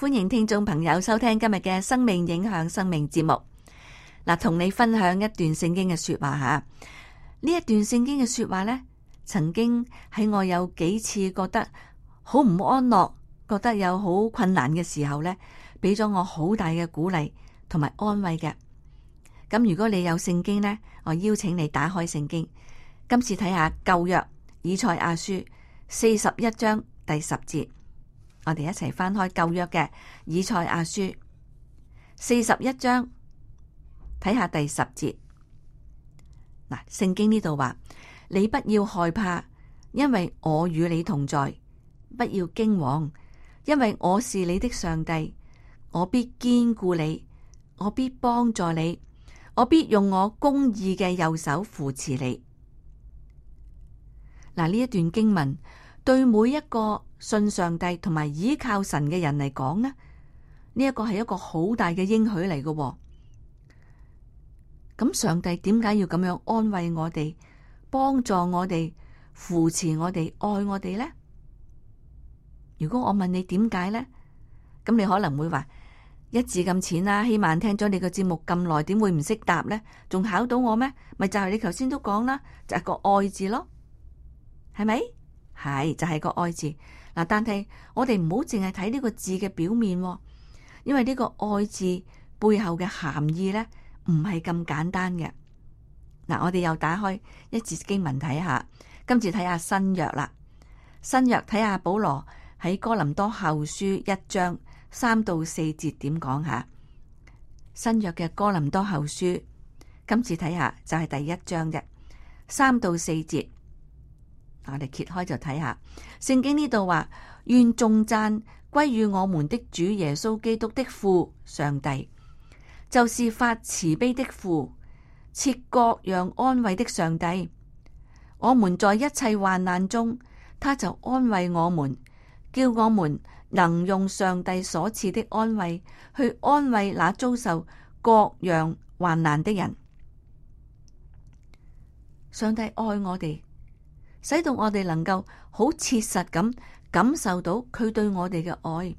歡迎聽眾朋友收聽今日嘅生命影響生命節目。嗱，同你分享一段聖經嘅說話吓。呢一段聖經嘅說話咧，曾經喺我有幾次覺得好唔安樂，覺得有好困難嘅時候咧，俾咗我好大嘅鼓勵同埋安慰嘅。咁如果你有聖經咧，我邀請你打開聖經，今次睇下舊約以賽亞書四十一章第十節。我哋一齊翻開舊約嘅以賽亞書四十一章，睇下第十節。嗱，聖經呢度話：你不要害怕，因為我與你同在；不要驚惶，因為我是你的上帝，我必堅固你，我必幫助你，我必用我公義嘅右手扶持你。嗱，呢一段經文對每一個信上帝同埋倚靠神嘅人嚟講咧，呢一個係一個好大嘅應許嚟嘅。咁上帝點解要咁樣安慰我哋、幫助我哋、扶持我哋、愛我哋咧？如果我問你點解咧，咁你可能會話一字咁淺啦。希曼聽咗你嘅節目咁耐，點會唔識答咧？仲考到我咩？咪就係你頭先都講啦，就係個愛字咯，係咪？係就係、是、個愛字嗱，但係我哋唔好淨係睇呢個字嘅表面，因為呢個愛字背後嘅含義咧唔係咁簡單嘅。嗱、啊，我哋又打開一節經文睇下，今次睇下新約啦。新約睇下保羅喺哥林多後書一章三到四節點講下，新約嘅哥林多後書，今次睇下就係第一章嘅三到四節。我哋揭開就睇下，聖經呢度話，願頌讚歸於我們的主耶穌基督的父上帝，就是發慈悲的父，賜各樣安慰的上帝。我們在一切患難中，他就安慰我們，叫我們能用上帝所賜的安慰去安慰那遭受各樣患難的人。上帝愛我哋。使到我哋能夠好切實咁感受到佢對我哋嘅愛。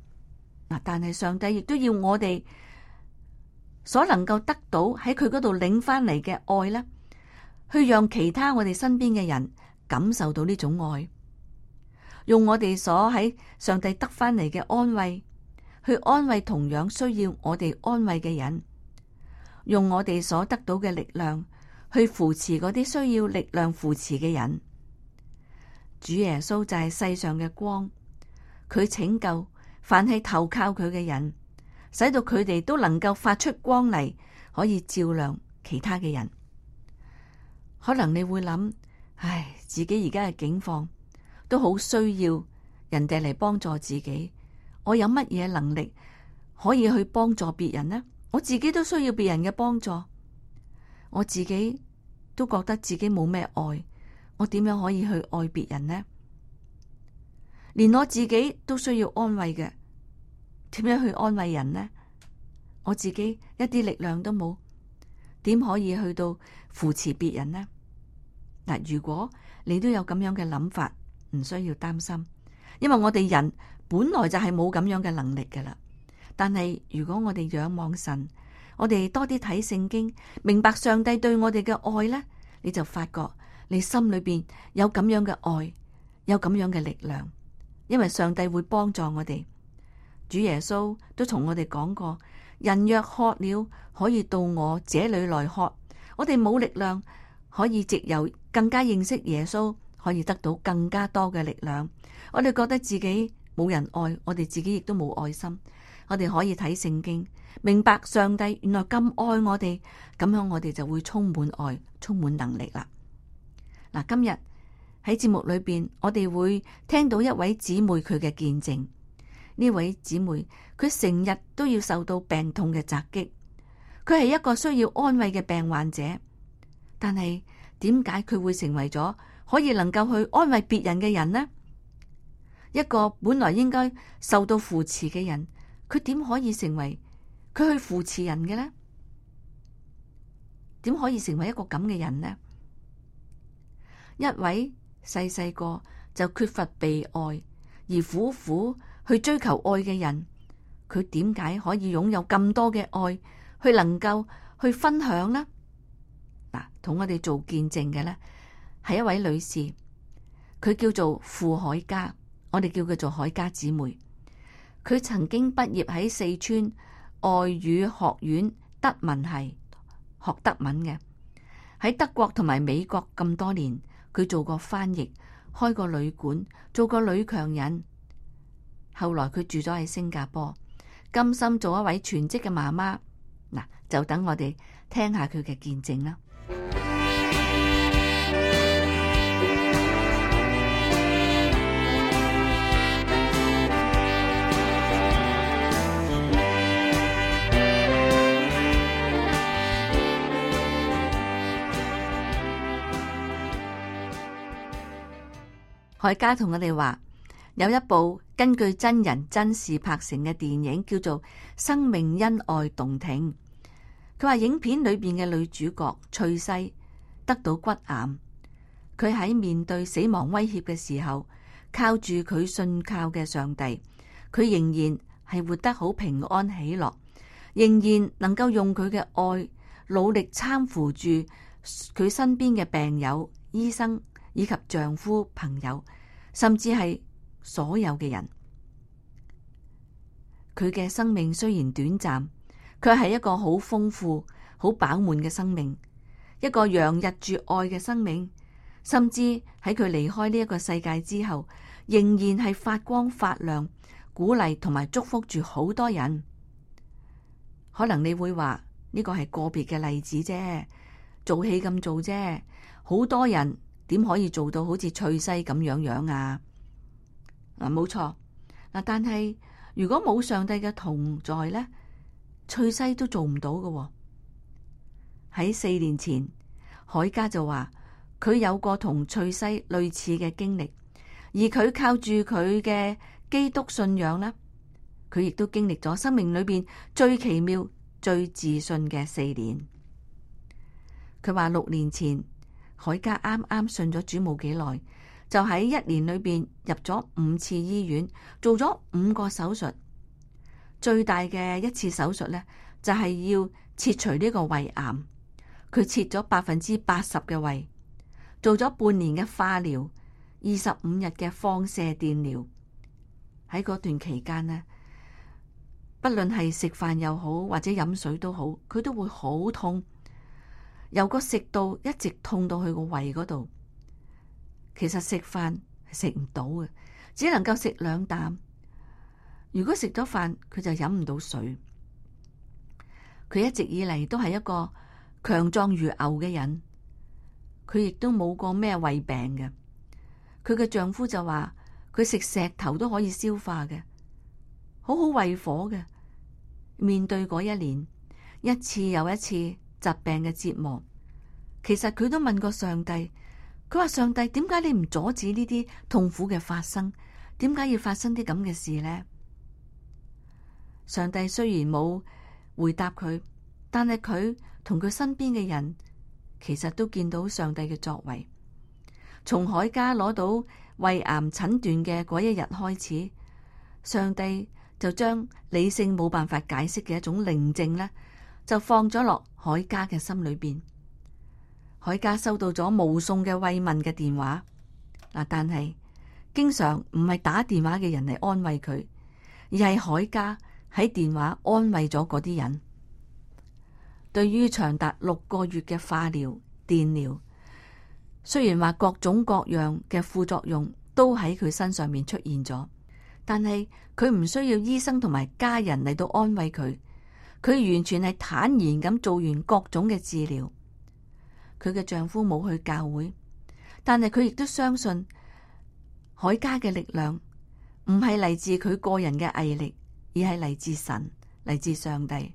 嗱，但係上帝亦都要我哋所能夠得到喺佢嗰度領翻嚟嘅愛啦，去讓其他我哋身邊嘅人感受到呢種愛。用我哋所喺上帝得翻嚟嘅安慰，去安慰同樣需要我哋安慰嘅人；用我哋所得到嘅力量，去扶持嗰啲需要力量扶持嘅人。主耶穌就係世上嘅光，佢拯救凡係投靠佢嘅人，使到佢哋都能夠發出光嚟，可以照亮其他嘅人。可能你會諗，唉，自己而家嘅境況都好需要人哋嚟幫助自己。我有乜嘢能力可以去幫助別人呢？我自己都需要別人嘅幫助，我自己都覺得自己冇咩愛。我點樣可以去愛別人呢？連我自己都需要安慰嘅，點樣去安慰人呢？我自己一啲力量都冇，點可以去到扶持別人呢？嗱，如果你都有咁樣嘅諗法，唔需要擔心，因為我哋人本來就係冇咁樣嘅能力㗎喇。但係如果我哋仰望神，我哋多啲睇聖經，明白上帝對我哋嘅愛咧，你就發覺。你心裏邊有咁樣嘅愛，有咁樣嘅力量，因為上帝會幫助我哋。主耶穌都同我哋講過：人若渴了，可以到我這裏來喝。我哋冇力量，可以藉由更加認識耶穌，可以得到更加多嘅力量。我哋覺得自己冇人愛，我哋自己亦都冇愛心。我哋可以睇聖經，明白上帝原來咁愛我哋，咁樣我哋就會充滿愛，充滿能力啦。嗱，今日喺節目裏邊，我哋會聽到一位姊妹佢嘅見證。呢位姊妹，佢成日都要受到病痛嘅襲擊，佢係一個需要安慰嘅病患者。但係點解佢會成為咗可以能夠去安慰別人嘅人呢？一個本來應該受到扶持嘅人，佢點可以成為佢去扶持人嘅呢？點可以成為一個咁嘅人呢？一位細細個就缺乏被愛而苦苦去追求愛嘅人，佢點解可以擁有咁多嘅愛去能夠去分享呢？嗱，同我哋做見證嘅呢，係一位女士，佢叫做傅海家，我哋叫佢做海家姊妹。佢曾經畢業喺四川外語學院德文系學德文嘅，喺德國同埋美國咁多年。佢做過翻譯，開過旅館，做過女強人。後來佢住咗喺新加坡，甘心做一位全職嘅媽媽。嗱，就等我哋聽下佢嘅見證啦。海嘉同我哋話，有一部根據真人真事拍成嘅電影，叫做《生命因愛動聽》。佢話影片裏面嘅女主角翠西得到骨癌，佢喺面對死亡威脅嘅時候，靠住佢信靠嘅上帝，佢仍然係活得好平安喜樂，仍然能夠用佢嘅愛努力攙扶住佢身邊嘅病友、醫生。以及丈夫、朋友，甚至係所有嘅人。佢嘅生命雖然短暫，佢係一個好豐富、好飽滿嘅生命，一個洋溢住愛嘅生命。甚至喺佢離開呢一個世界之後，仍然係發光發亮，鼓勵同埋祝福住好多人。可能你會話，呢個係個別嘅例子啫，做戲咁做啫，好多人。點可以做到好似翠西咁樣樣啊？嗱，冇錯嗱，但係如果冇上帝嘅同在呢，翠西都做唔到嘅哦。喺四年前，海嘉就話佢有過同翠西類似嘅經歷，而佢靠住佢嘅基督信仰呢，佢亦都經歷咗生命裏邊最奇妙、最自信嘅四年。佢話六年前。海嘉啱啱信咗主冇幾耐，就喺一年裏面入咗五次醫院，做咗五個手術。最大嘅一次手術咧，就係要切除呢個胃癌，佢切咗百分之八十嘅胃，做咗半年嘅化療，二十五日嘅放射電療。喺嗰段期間咧，不論係食飯又好，或者飲水都好，佢都會好痛。由個食道一直痛到佢個胃嗰度，其實食飯係食唔到嘅，只能夠食兩啖。如果食咗飯，佢就飲唔到水。佢一直以嚟都係一個強壯如牛嘅人，佢亦都冇過咩胃病嘅。佢嘅丈夫就話佢食石頭都可以消化嘅，好好胃火嘅。面對嗰一年，一次又一次。疾病嘅折磨，其實佢都問過上帝。佢話：上帝點解你唔阻止呢啲痛苦嘅發生？點解要發生啲咁嘅事咧？上帝雖然冇回答佢，但係佢同佢身邊嘅人，其實都見到上帝嘅作為。從海嘉攞到胃癌診斷嘅嗰一日開始，上帝就將理性冇辦法解釋嘅一種寧靜咧。就放咗落海嘉嘅心裏邊。海嘉收到咗無數嘅慰問嘅電話，嗱，但係經常唔係打電話嘅人嚟安慰佢，而係海嘉喺電話安慰咗嗰啲人。對於長達六個月嘅化療、電療，雖然話各種各樣嘅副作用都喺佢身上面出現咗，但係佢唔需要醫生同埋家人嚟到安慰佢。佢完全係坦然咁做完各種嘅治療。佢嘅丈夫冇去教會，但係佢亦都相信海嘉嘅力量唔係嚟自佢個人嘅毅力，而係嚟自神，嚟自上帝。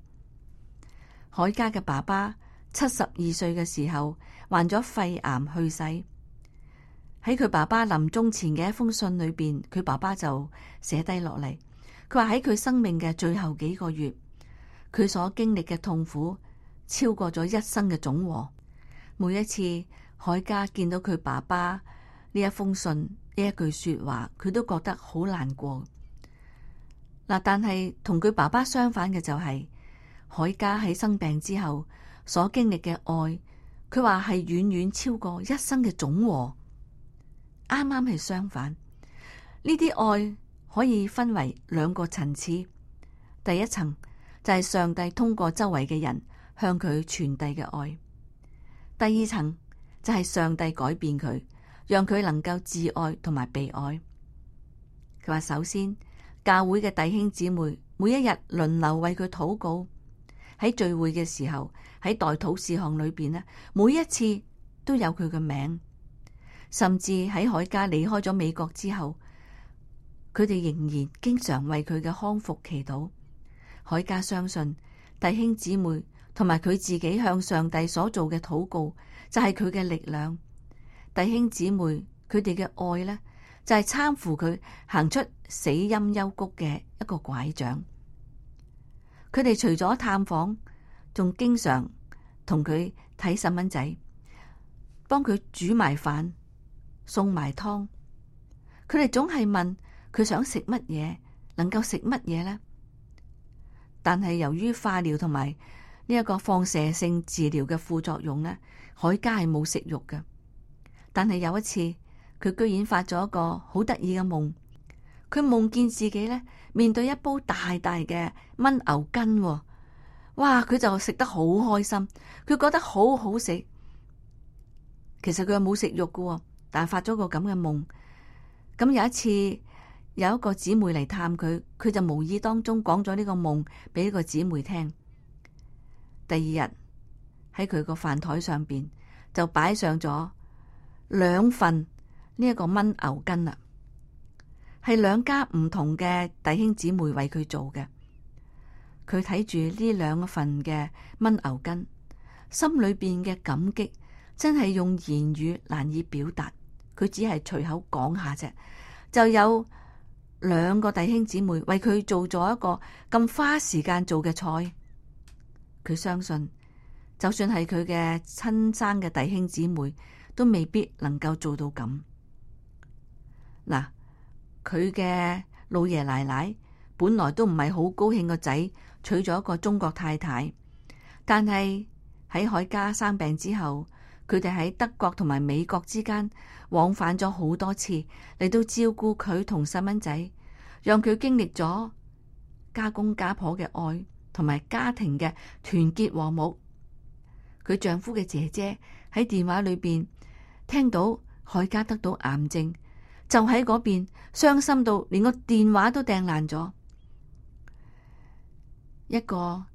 海嘉嘅爸爸七十二歲嘅時候患咗肺癌去世。喺佢爸爸臨終前嘅一封信裏邊，佢爸爸就寫低落嚟。佢話喺佢生命嘅最後幾個月。佢所經歷嘅痛苦超過咗一生嘅總和。每一次海嘉見到佢爸爸呢一封信，呢一句說話，佢都覺得好難過嗱。但係同佢爸爸相反嘅就係海嘉喺生病之後所經歷嘅愛，佢話係遠遠超過一生嘅總和。啱啱係相反，呢啲愛可以分為兩個層次，第一層。就係上帝通過周圍嘅人向佢傳遞嘅愛。第二層就係、是、上帝改變佢，讓佢能夠自愛同埋被愛。佢話首先教會嘅弟兄姊妹每一日輪流為佢禱告，喺聚會嘅時候喺代禱事項裏邊咧，每一次都有佢嘅名。甚至喺海嘉離開咗美國之後，佢哋仍然經常為佢嘅康復祈禱。海嘉相信弟兄姊妹同埋佢自己向上帝所做嘅禱告就係佢嘅力量。弟兄姊妹佢哋嘅愛咧就係攙扶佢行出死陰幽谷嘅一個拐杖。佢哋除咗探訪，仲經常同佢睇細蚊仔，幫佢煮埋飯、送埋湯。佢哋總係問佢想食乜嘢，能夠食乜嘢咧？但係由於化療同埋呢一個放射性治療嘅副作用咧，海加係冇食慾嘅。但係有一次，佢居然發咗一個好得意嘅夢，佢夢見自己咧面對一煲大大嘅炆牛筋，哇！佢就食得好開心，佢覺得好好食。其實佢冇食肉㗎，但係發咗個咁嘅夢。咁有一次。有一個姊妹嚟探佢，佢就無意當中講咗呢個夢俾呢個姊妹聽。第二日喺佢個飯台上邊就擺上咗兩份呢一個燜牛筋啦，係兩家唔同嘅弟兄姊妹為佢做嘅。佢睇住呢兩份嘅燜牛筋，心裏邊嘅感激真係用言語難以表達。佢只係隨口講下啫，就有。兩個弟兄姊妹為佢做咗一個咁花時間做嘅菜，佢相信就算係佢嘅親生嘅弟兄姊妹都未必能夠做到咁嗱。佢嘅老爺奶奶本來都唔係好高興個仔娶咗一個中國太太，但係喺海嘉生病之後。佢哋喺德國同埋美國之間往返咗好多次，嚟到照顧佢同細蚊仔，讓佢經歷咗家公家婆嘅愛同埋家庭嘅團結和睦。佢丈夫嘅姐姐喺電話裏邊聽到海嘉得到癌症，就喺嗰邊傷心到連個電話都掟爛咗。一個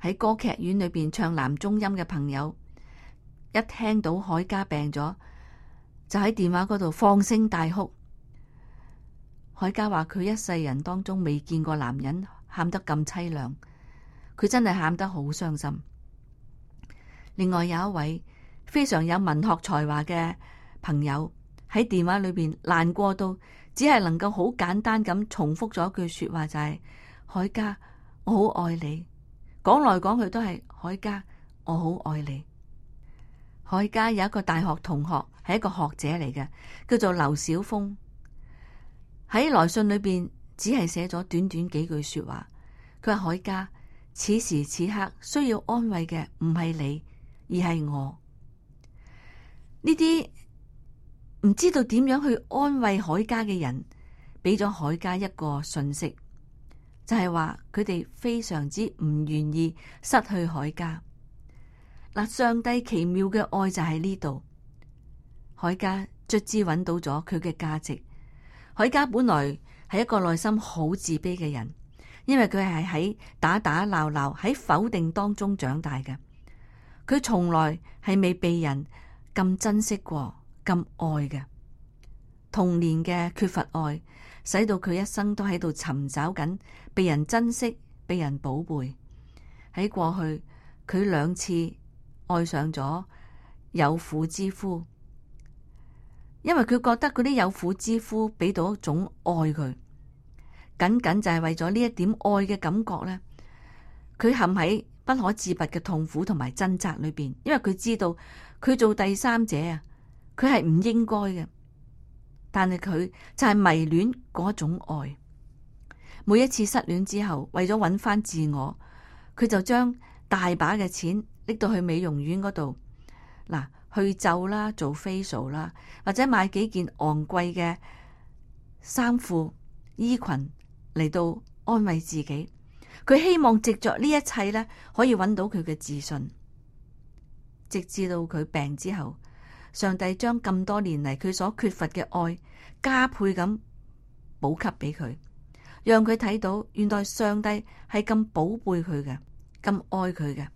喺歌劇院裏邊唱男中音嘅朋友。一聽到海嘉病咗，就喺電話嗰度放聲大哭。海嘉話：佢一世人當中未見過男人喊得咁淒涼，佢真係喊得好傷心。另外有一位非常有文學才華嘅朋友喺電話裏邊難過到，只係能夠好簡單咁重複咗一句說話，就是，就係：海嘉，我好愛你。講來講去都係海嘉，我好愛你。海嘉有一個大學同學係一個學者嚟嘅，叫做劉小峰。喺來信裏邊只係寫咗短短幾句說話。佢話海嘉，此時此刻需要安慰嘅唔係你，而係我。呢啲唔知道點樣去安慰海嘉嘅人，俾咗海嘉一個訊息，就係話佢哋非常之唔願意失去海嘉。」上帝奇妙嘅愛就喺呢度。海嘉卒之揾到咗佢嘅價值。海嘉本來係一個內心好自卑嘅人，因為佢係喺打打鬧鬧喺否定當中長大嘅。佢從來係未被人咁珍惜過、咁愛嘅。童年嘅缺乏愛，使到佢一生都喺度尋找緊被人珍惜、被人寶貝。喺過去，佢兩次。愛上咗有婦之夫，因為佢覺得嗰啲有婦之夫俾到一種愛佢，僅僅就係為咗呢一點愛嘅感覺咧。佢陷喺不可自拔嘅痛苦同埋掙扎裏邊，因為佢知道佢做第三者啊，佢係唔應該嘅，但係佢就係迷戀嗰種愛。每一次失戀之後，為咗搵返自我，佢就將大把嘅錢。拎到去美容院嗰度，嗱去皺啦，做 facial 啦，或者買幾件昂貴嘅衫褲、衣裙嚟到安慰自己。佢希望藉着呢一切咧，可以揾到佢嘅自信，直至到佢病之後，上帝將咁多年嚟佢所缺乏嘅愛加倍咁補給俾佢，讓佢睇到原來上帝係咁寶貝佢嘅，咁愛佢嘅。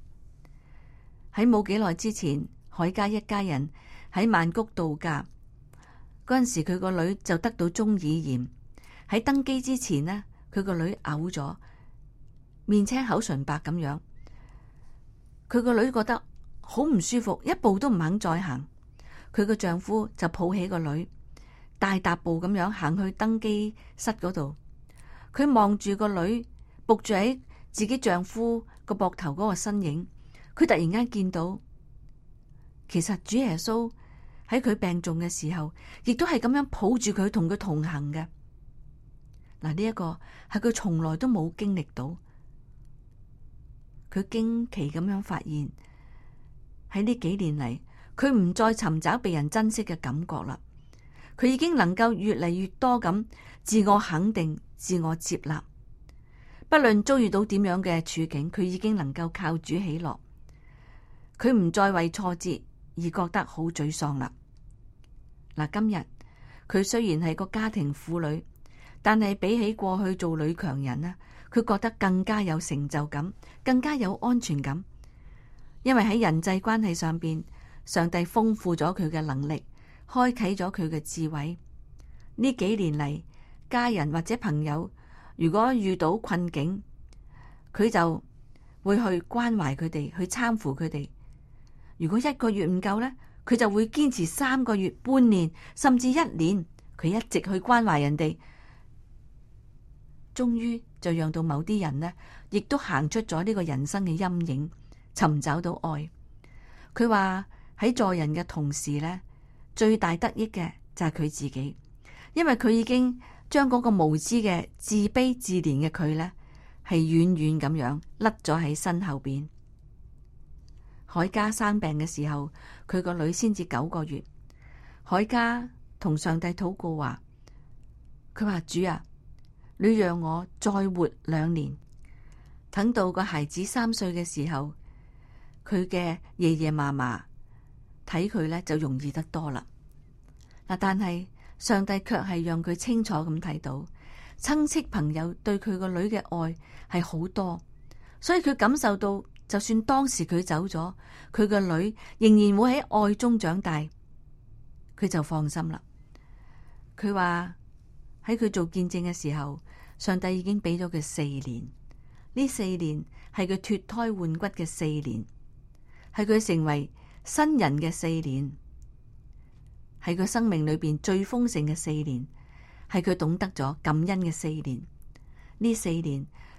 喺冇幾耐之前，海嘉一家人喺曼谷度假嗰陣時，佢個女就得到中耳炎。喺登機之前呢，佢個女嘔咗，面青口唇白咁樣。佢個女覺得好唔舒服，一步都唔肯再行。佢個丈夫就抱起個女，大踏步咁樣行去登機室嗰度。佢望住個女伏住喺自己丈夫個膊頭嗰個身影。佢突然間見到，其實主耶穌喺佢病重嘅時候，亦都係咁樣抱住佢，同佢同行嘅。嗱，呢一個係佢從來都冇經歷到，佢驚奇咁樣發現喺呢幾年嚟，佢唔再尋找被人珍惜嘅感覺啦。佢已經能夠越嚟越多咁自我肯定、自我接納，不論遭遇到點樣嘅處境，佢已經能夠靠主起落。佢唔再為挫折而覺得好沮喪啦。嗱，今日佢雖然係個家庭婦女，但係比起過去做女強人呢，佢覺得更加有成就感，更加有安全感。因為喺人際關係上邊，上帝豐富咗佢嘅能力，開啟咗佢嘅智慧。呢幾年嚟，家人或者朋友如果遇到困境，佢就會去關懷佢哋，去攙扶佢哋。如果一個月唔夠呢，佢就會堅持三個月、半年甚至一年，佢一直去關懷人哋，終於就讓到某啲人呢，亦都行出咗呢個人生嘅陰影，尋找到愛。佢話喺助人嘅同時呢，最大得益嘅就係佢自己，因為佢已經將嗰個無知嘅自卑自憐嘅佢呢，係遠遠咁樣甩咗喺身後邊。海嘉生病嘅時候，佢個女先至九個月。海嘉同上帝禱告話，佢話主啊，你讓我再活兩年，等到個孩子三歲嘅時候，佢嘅爺爺嫲嫲睇佢咧，就容易得多啦。嗱，但係上帝卻係讓佢清楚咁睇到親戚朋友對佢個女嘅愛係好多，所以佢感受到。就算當時佢走咗，佢個女仍然會喺愛中長大，佢就放心啦。佢話，喺佢做見證嘅時候，上帝已經俾咗佢四年，呢四年係佢脫胎換骨嘅四年，係佢成為新人嘅四年，係佢生命裏邊最豐盛嘅四年，係佢懂得咗感恩嘅四年，呢四年。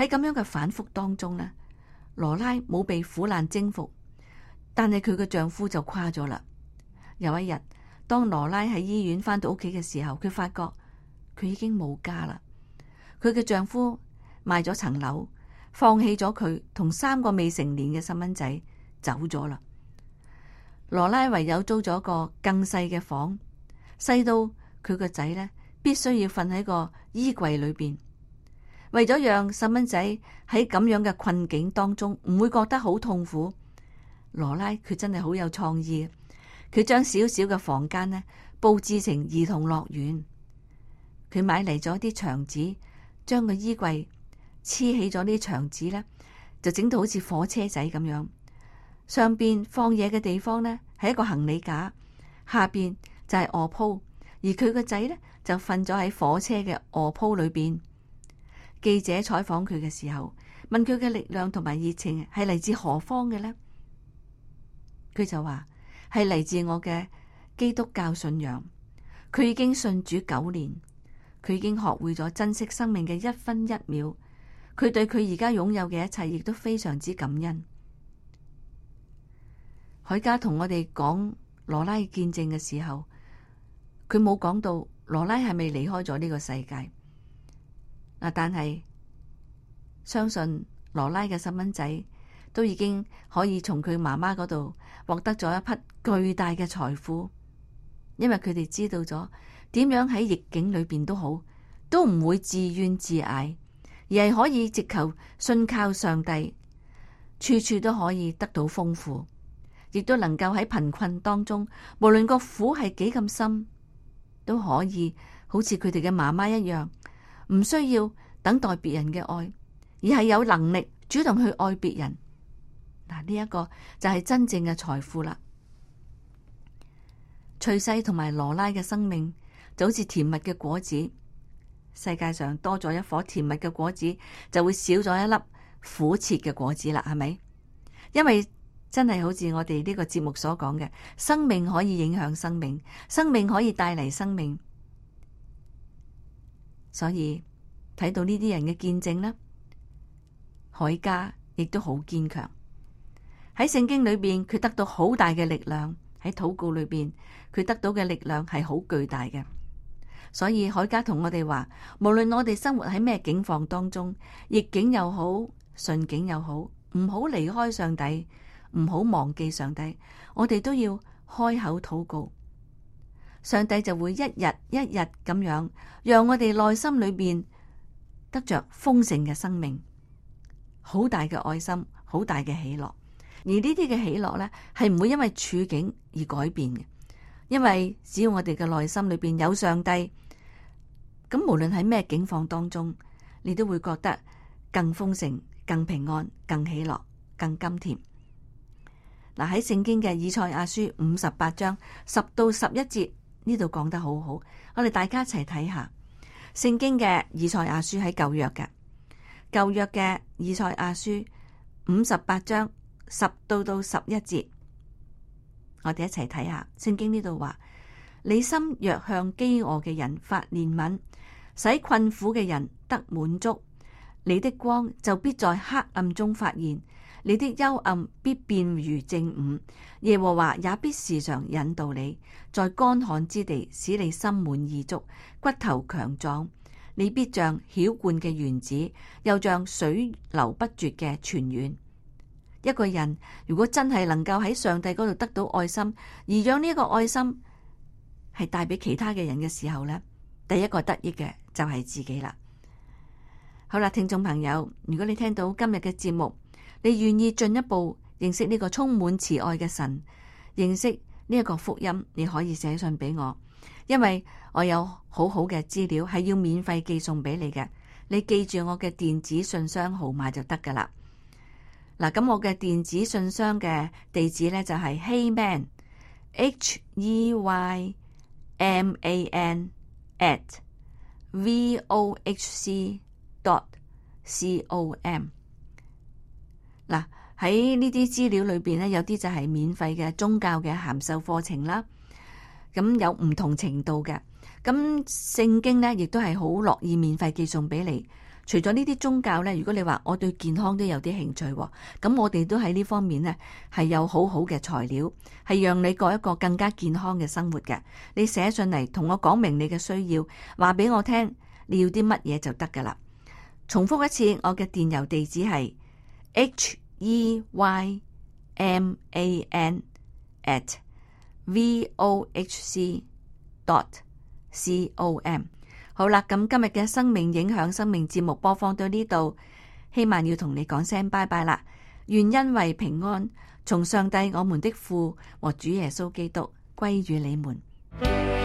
喺咁樣嘅反複當中呢，羅拉冇被苦難征服，但係佢嘅丈夫就垮咗啦。有一日，當羅拉喺醫院翻到屋企嘅時候，佢發覺佢已經冇家啦。佢嘅丈夫賣咗層樓，放棄咗佢同三個未成年嘅細蚊仔走咗啦。羅拉唯有租咗個更細嘅房，細到佢個仔咧必須要瞓喺個衣櫃裏邊。為咗讓細蚊仔喺咁樣嘅困境當中唔會覺得好痛苦，羅拉佢真係好有創意。佢將小小嘅房間咧布置成兒童樂園。佢買嚟咗啲牆紙，將個衣櫃黐起咗啲牆紙咧，就整到好似火車仔咁樣。上邊放嘢嘅地方咧係一個行李架，下邊就係臥鋪，而佢個仔咧就瞓咗喺火車嘅臥鋪裏邊。記者採訪佢嘅時候，問佢嘅力量同埋熱情係嚟自何方嘅咧？佢就話係嚟自我嘅基督教信仰。佢已經信主九年，佢已經學會咗珍惜生命嘅一分一秒。佢對佢而家擁有嘅一切亦都非常之感恩。海嘉同我哋講羅拉見證嘅時候，佢冇講到羅拉係咪離開咗呢個世界。但係相信羅拉嘅細蚊仔都已經可以從佢媽媽嗰度獲得咗一筆巨大嘅財富，因為佢哋知道咗點樣喺逆境裏邊都好，都唔會自怨自艾，而係可以直求信靠上帝，處處都可以得到豐富，亦都能夠喺貧困當中，無論個苦係幾咁深，都可以好似佢哋嘅媽媽一樣。唔需要等待別人嘅愛，而係有能力主動去愛別人。嗱，呢一個就係真正嘅財富啦。翠西同埋羅拉嘅生命就好似甜蜜嘅果子，世界上多咗一顆甜蜜嘅果子，就會少咗一粒苦澀嘅果子啦。係咪？因為真係好似我哋呢個節目所講嘅，生命可以影響生命，生命可以帶嚟生命。所以睇到呢啲人嘅見證啦，海嘉亦都好堅強。喺聖經裏邊，佢得到好大嘅力量。喺禱告裏邊，佢得到嘅力量係好巨大嘅。所以海嘉同我哋話，無論我哋生活喺咩境況當中，逆境又好，順境又好，唔好離開上帝，唔好忘記上帝，我哋都要開口禱告。上帝就會一日一日咁樣，讓我哋內心裏邊得着豐盛嘅生命，好大嘅愛心，好大嘅喜樂。而呢啲嘅喜樂呢，係唔會因為處境而改變嘅，因為只要我哋嘅內心裏邊有上帝，咁無論喺咩境況當中，你都會覺得更豐盛、更平安、更喜樂、更甘甜。嗱，喺聖經嘅以賽亞書五十八章十到十一節。呢度講得好好，我哋大家一齊睇下聖經嘅以賽亞書喺舊約嘅舊約嘅以賽亞書五十八章十到到十一節，我哋一齊睇下聖經呢度話：你心若向飢餓嘅人發憐憫，使困苦嘅人得滿足，你的光就必在黑暗中發現，你的幽暗必變如正午。耶和華也必時常引導你，在乾旱之地使你心滿意足，骨頭強壯。你必像澆灌嘅園子，又像水流不絕嘅泉源。一個人如果真係能夠喺上帝嗰度得到愛心，而讓呢一個愛心係帶俾其他嘅人嘅時候呢，第一個得益嘅就係自己啦。好啦，聽眾朋友，如果你聽到今日嘅節目，你願意進一步認識呢個充滿慈愛嘅神，認識呢個福音，你可以寫信畀我，因為我有好好嘅資料係要免費寄送畀你嘅。你記住我嘅電子信箱號碼就得噶啦。嗱，咁我嘅電子信箱嘅地址咧就係、是、Heyman h e y m a n at v o h c dot c o m 嗱。喺呢啲資料裏邊呢，有啲就係免費嘅宗教嘅函授課程啦。咁有唔同程度嘅。咁聖經呢，亦都係好樂意免費寄送俾你。除咗呢啲宗教呢，如果你話我對健康都有啲興趣，哦，咁我哋都喺呢方面呢，係有好好嘅材料，係讓你過一個更加健康嘅生活嘅。你寫上嚟同我講明你嘅需要，話俾我聽，你要啲乜嘢就得噶啦。重複一次，我嘅電郵地址係 h e y m a n at v o h c dot c o m 好啦，咁今日嘅生命影響生命節目播放到呢度，希望要同你講聲拜拜啦。願恩惠平安，從上帝我們的父和主耶穌基督歸於你們。